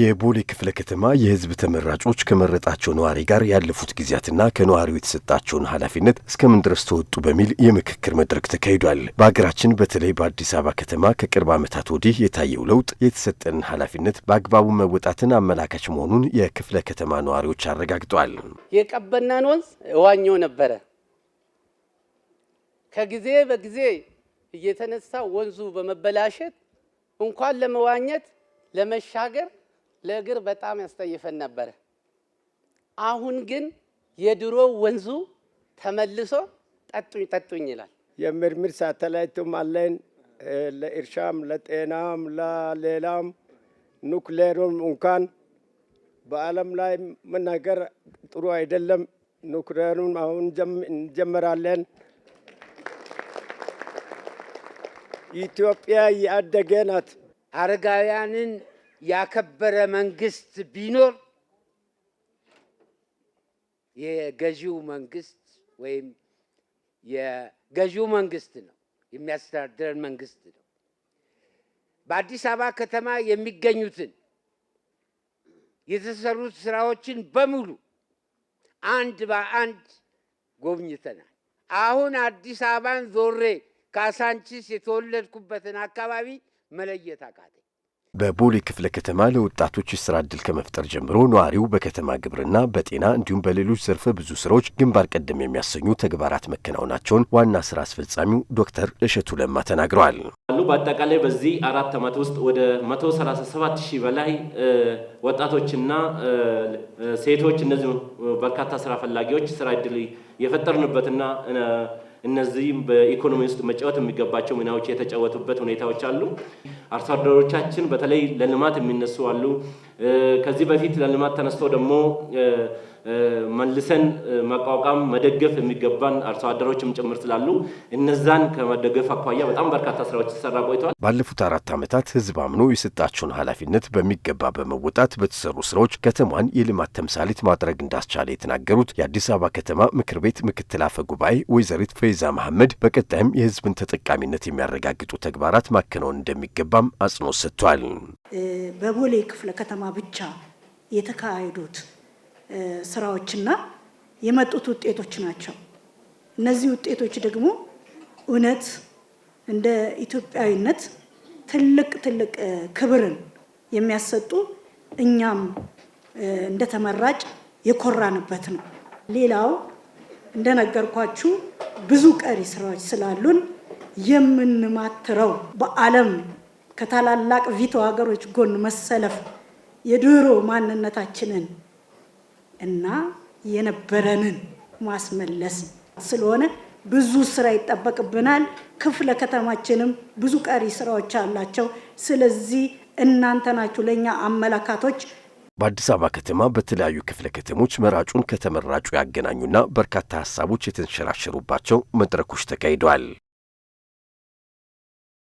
የቦሌ ክፍለ ከተማ የህዝብ ተመራጮች ከመረጣቸው ነዋሪ ጋር ያለፉት ጊዜያትና ከነዋሪው የተሰጣቸውን ኃላፊነት እስከምን ድረስ ተወጡ በሚል የምክክር መድረክ ተካሂዷል። በሀገራችን በተለይ በአዲስ አበባ ከተማ ከቅርብ ዓመታት ወዲህ የታየው ለውጥ የተሰጠንን ኃላፊነት በአግባቡ መወጣትን አመላካች መሆኑን የክፍለ ከተማ ነዋሪዎች አረጋግጠዋል። የቀበናን ወንዝ እዋኘው ነበረ። ከጊዜ በጊዜ እየተነሳ ወንዙ በመበላሸት እንኳን ለመዋኘት ለመሻገር ለእግር በጣም ያስጠይፈን ነበረ። አሁን ግን የድሮ ወንዙ ተመልሶ ጠጡኝ ጠጡኝ ይላል። የምርምር ሳተላይቱም አለን። ለእርሻም፣ ለጤናም፣ ለሌላም ኑክሌሩም እንኳን በዓለም ላይ ምን ነገር ጥሩ አይደለም። ኑክሌሩን አሁን እንጀምራለን። ኢትዮጵያ ያደገ ናት። አረጋውያንን ያከበረ መንግስት ቢኖር የገዢው መንግስት ወይም የገዢው መንግስት ነው፣ የሚያስተዳድረን መንግስት ነው። በአዲስ አበባ ከተማ የሚገኙትን የተሰሩት ስራዎችን በሙሉ አንድ በአንድ ጎብኝተናል። አሁን አዲስ አበባን ዞሬ ካሳንቺስ የተወለድኩበትን አካባቢ መለየት አቃተኝ። በቦሌ ክፍለ ከተማ ለወጣቶች የስራ እድል ከመፍጠር ጀምሮ ነዋሪው በከተማ ግብርና፣ በጤና እንዲሁም በሌሎች ዘርፈ ብዙ ስራዎች ግንባር ቀደም የሚያሰኙ ተግባራት መከናወናቸውን ዋና ስራ አስፈጻሚው ዶክተር እሸቱ ለማ ተናግረዋል። በአጠቃላይ በዚህ አራት ዓመት ውስጥ ወደ 137 ሺህ በላይ ወጣቶችና ሴቶች እነዚህ በርካታ ስራ ፈላጊዎች ስራ ዕድል የፈጠርንበትና እነዚህም በኢኮኖሚ ውስጥ መጫወት የሚገባቸው ሚናዎች የተጫወቱበት ሁኔታዎች አሉ። አርሶ አደሮቻችን በተለይ ለልማት የሚነሱ አሉ። ከዚህ በፊት ለልማት ተነስቶ ደግሞ መልሰን መቋቋም መደገፍ የሚገባን አርሶ አደሮችም ጭምር ስላሉ እነዛን ከመደገፍ አኳያ በጣም በርካታ ስራዎች ሲሰራ ቆይተዋል። ባለፉት አራት ዓመታት ህዝብ አምኖ የሰጣቸውን ኃላፊነት በሚገባ በመወጣት በተሰሩ ስራዎች ከተማን የልማት ተምሳሌት ማድረግ እንዳስቻለ የተናገሩት የአዲስ አበባ ከተማ ምክር ቤት ምክትል አፈ ጉባኤ ወይዘሪት ፈይዛ መሐመድ በቀጣይም የህዝብን ተጠቃሚነት የሚያረጋግጡ ተግባራት ማከናወን እንደሚገባም አጽንኦት ሰጥቷል። በቦሌ ክፍለ ከተማ ብቻ የተካሄዱት ስራዎችና የመጡት ውጤቶች ናቸው። እነዚህ ውጤቶች ደግሞ እውነት እንደ ኢትዮጵያዊነት ትልቅ ትልቅ ክብርን የሚያሰጡ እኛም እንደ ተመራጭ የኮራንበት ነው። ሌላው እንደነገርኳችሁ ብዙ ቀሪ ስራዎች ስላሉን የምንማትረው በዓለም ከታላላቅ ቪቶ ሀገሮች ጎን መሰለፍ የድሮ ማንነታችንን እና የነበረንን ማስመለስ ስለሆነ ብዙ ስራ ይጠበቅብናል። ክፍለ ከተማችንም ብዙ ቀሪ ስራዎች አላቸው። ስለዚህ እናንተ ናችሁ ለእኛ አመላካቶች። በአዲስ አበባ ከተማ በተለያዩ ክፍለ ከተሞች መራጩን ከተመራጩ ያገናኙና በርካታ ሀሳቦች የተንሸራሸሩባቸው መድረኮች ተካሂደዋል።